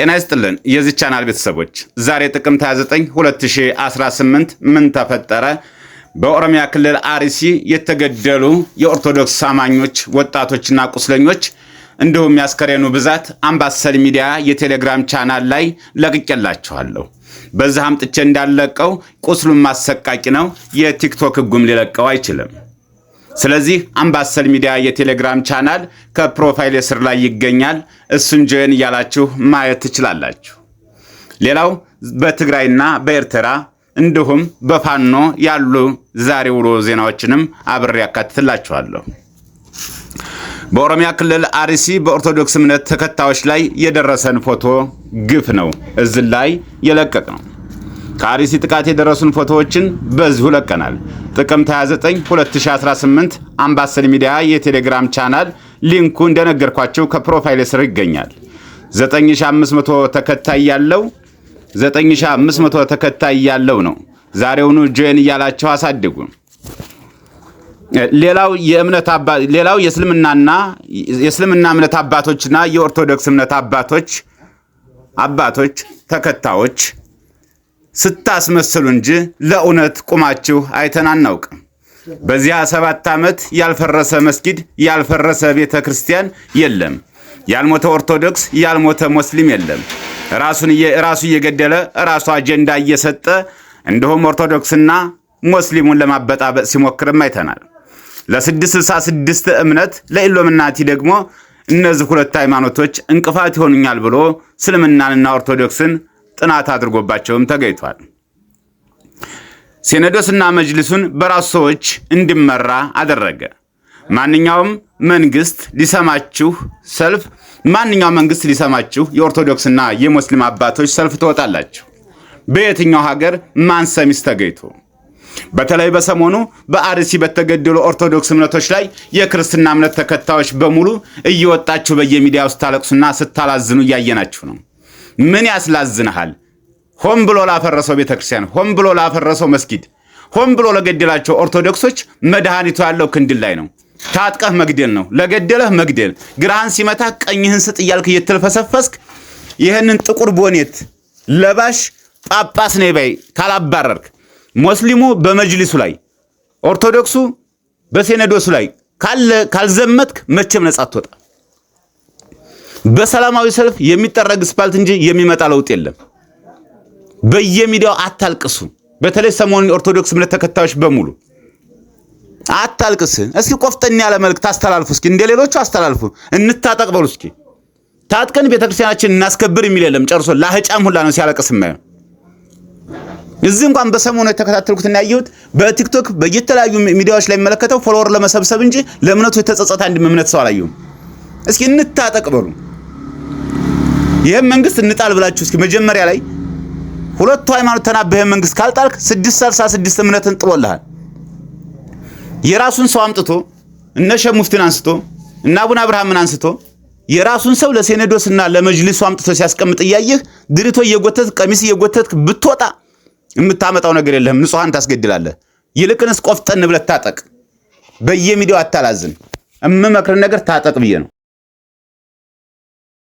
ጤና ይስጥልን የዚህ ቻናል ቤተሰቦች፣ ዛሬ ጥቅምት 29 2018 ምን ተፈጠረ? በኦሮሚያ ክልል አርሲ የተገደሉ የኦርቶዶክስ አማኞች ወጣቶችና ቁስለኞች እንዲሁም ያስከሬኑ ብዛት አምባሰል ሚዲያ የቴሌግራም ቻናል ላይ ለቅቄላችኋለሁ። በዛ አምጥቼ እንዳለቀው ቁስሉም አሰቃቂ ነው። የቲክቶክ ህጉም ሊለቀው አይችልም። ስለዚህ አምባሰል ሚዲያ የቴሌግራም ቻናል ከፕሮፋይል ስር ላይ ይገኛል። እሱን ጆይን እያላችሁ ማየት ትችላላችሁ። ሌላው በትግራይና በኤርትራ እንዲሁም በፋኖ ያሉ ዛሬ ውሎ ዜናዎችንም አብሬ ያካትትላችኋለሁ። በኦሮሚያ ክልል አርሲ በኦርቶዶክስ እምነት ተከታዮች ላይ የደረሰን ፎቶ ግፍ ነው እዚህ ላይ የለቀቅ ነው። ከአርሲ ጥቃት የደረሱን ፎቶዎችን በዚሁ ለቀናል። ጥቅምት 29 2018 አምባሰል ሚዲያ የቴሌግራም ቻናል ሊንኩ እንደነገርኳቸው ከፕሮፋይል ስር ይገኛል። 9500 ተከታይ ያለው 9500 ተከታይ ያለው ነው። ዛሬውኑ ጆይን እያላቸው አሳድጉ። ሌላው የእምነት አባት ሌላው የእስልምናና የእስልምና እምነት አባቶችና የኦርቶዶክስ እምነት አባቶች አባቶች ተከታዮች ስታስመስሉ እንጂ ለእውነት ቁማችሁ አይተን አናውቅም። በዚያ ሰባት ዓመት ያልፈረሰ መስጊድ፣ ያልፈረሰ ቤተ ክርስቲያን የለም። ያልሞተ ኦርቶዶክስ፣ ያልሞተ ሙስሊም የለም። ራሱ እየገደለ ራሱ አጀንዳ እየሰጠ እንዲሁም ኦርቶዶክስና ሙስሊሙን ለማበጣበጥ ሲሞክርም አይተናል። ለ666 እምነት ለኢሎምናቲ ደግሞ እነዚህ ሁለት ሃይማኖቶች እንቅፋት ይሆኑኛል ብሎ እስልምናንና ኦርቶዶክስን ጥናት አድርጎባቸውም ተገኝቷል። ሴኔዶስና መጅልሱን በራሱ ሰዎች እንዲመራ አደረገ። ማንኛውም መንግስት ሊሰማችሁ ሰልፍ ማንኛው መንግስት ሊሰማችሁ የኦርቶዶክስና የሙስሊም አባቶች ሰልፍ ትወጣላችሁ። በየትኛው ሀገር ማን ሰሚስ ተገኝቶ በተለይ በሰሞኑ በአርሲ በተገደሉ ኦርቶዶክስ እምነቶች ላይ የክርስትና እምነት ተከታዮች በሙሉ እየወጣችሁ በየሚዲያው ስታለቅሱና ስታላዝኑ እያየናችሁ ነው። ምን ያስላዝንሃል? ሆን ብሎ ላፈረሰው ቤተ ክርስቲያን፣ ሆን ብሎ ላፈረሰው መስጊድ፣ ሆን ብሎ ለገደላቸው ኦርቶዶክሶች መድኃኒቱ ያለው ክንድል ላይ ነው። ታጥቀህ መግደል ነው፣ ለገደለህ መግደል። ግራህን ሲመታ ቀኝህን ስጥ እያልክ እየተልፈሰፈስክ ይህንን ጥቁር ቦኔት ለባሽ ጳጳስ ነህ ባይ ካላባረርክ ሙስሊሙ በመጅሊሱ ላይ ኦርቶዶክሱ በሴነዶሱ ላይ ካልዘመትክ መቼም ነጻ አትወጣ። በሰላማዊ ሰልፍ የሚጠረግ ስፓልት እንጂ የሚመጣ ለውጥ የለም። በየሚዲያው አታልቅሱ። በተለይ ሰሞኑን ኦርቶዶክስ እምነት ተከታዮች በሙሉ አታልቅስ። እስኪ ቆፍጠን ያለ መልእክት አስተላልፉ። እስኪ እንደ ሌሎቹ አስተላልፉ። እንታጠቅበሉ። እስኪ ታጥቀን ቤተክርስቲያናችን እናስከብር የሚል የለም። ጨርሶ ላህጫም ሁላ ነው ሲያለቅስ የማየው። እዚህ እንኳን በሰሞኑ እና ያየሁት በቲክቶክ በየተለያዩ ሚዲያዎች ላይ የሚመለከተው ፎሎወር ለመሰብሰብ እንጂ ለእምነቱ የተጸጸተ አንድም እምነት ሰው አላየሁም። እስኪ እንታጠቅበሉ። ይህም መንግስት እንጣል ብላችሁ እስኪ መጀመሪያ ላይ ሁለቱ ሃይማኖት ተናበህ መንግስት ካልጣልክ 666 እምነትን ጥሎልሃል። የራሱን ሰው አምጥቶ እነ ሙፍቲን አንስቶ እና አቡነ አብርሃምን አንስቶ የራሱን ሰው ለሴኔዶስና ለመጅሊሱ አምጥቶ ሲያስቀምጥ እያየህ ድሪቶ እየጎተት ቀሚስ እየጎተት ብትወጣ የምታመጣው ነገር የለህም። ንጹሐን ታስገድላለህ። ይልቅንስ ቆፍጠን ብለህ ታጠቅ። በየሚዲያው አታላዝን። እምመክርን ነገር ታጠቅ ብዬ ነው።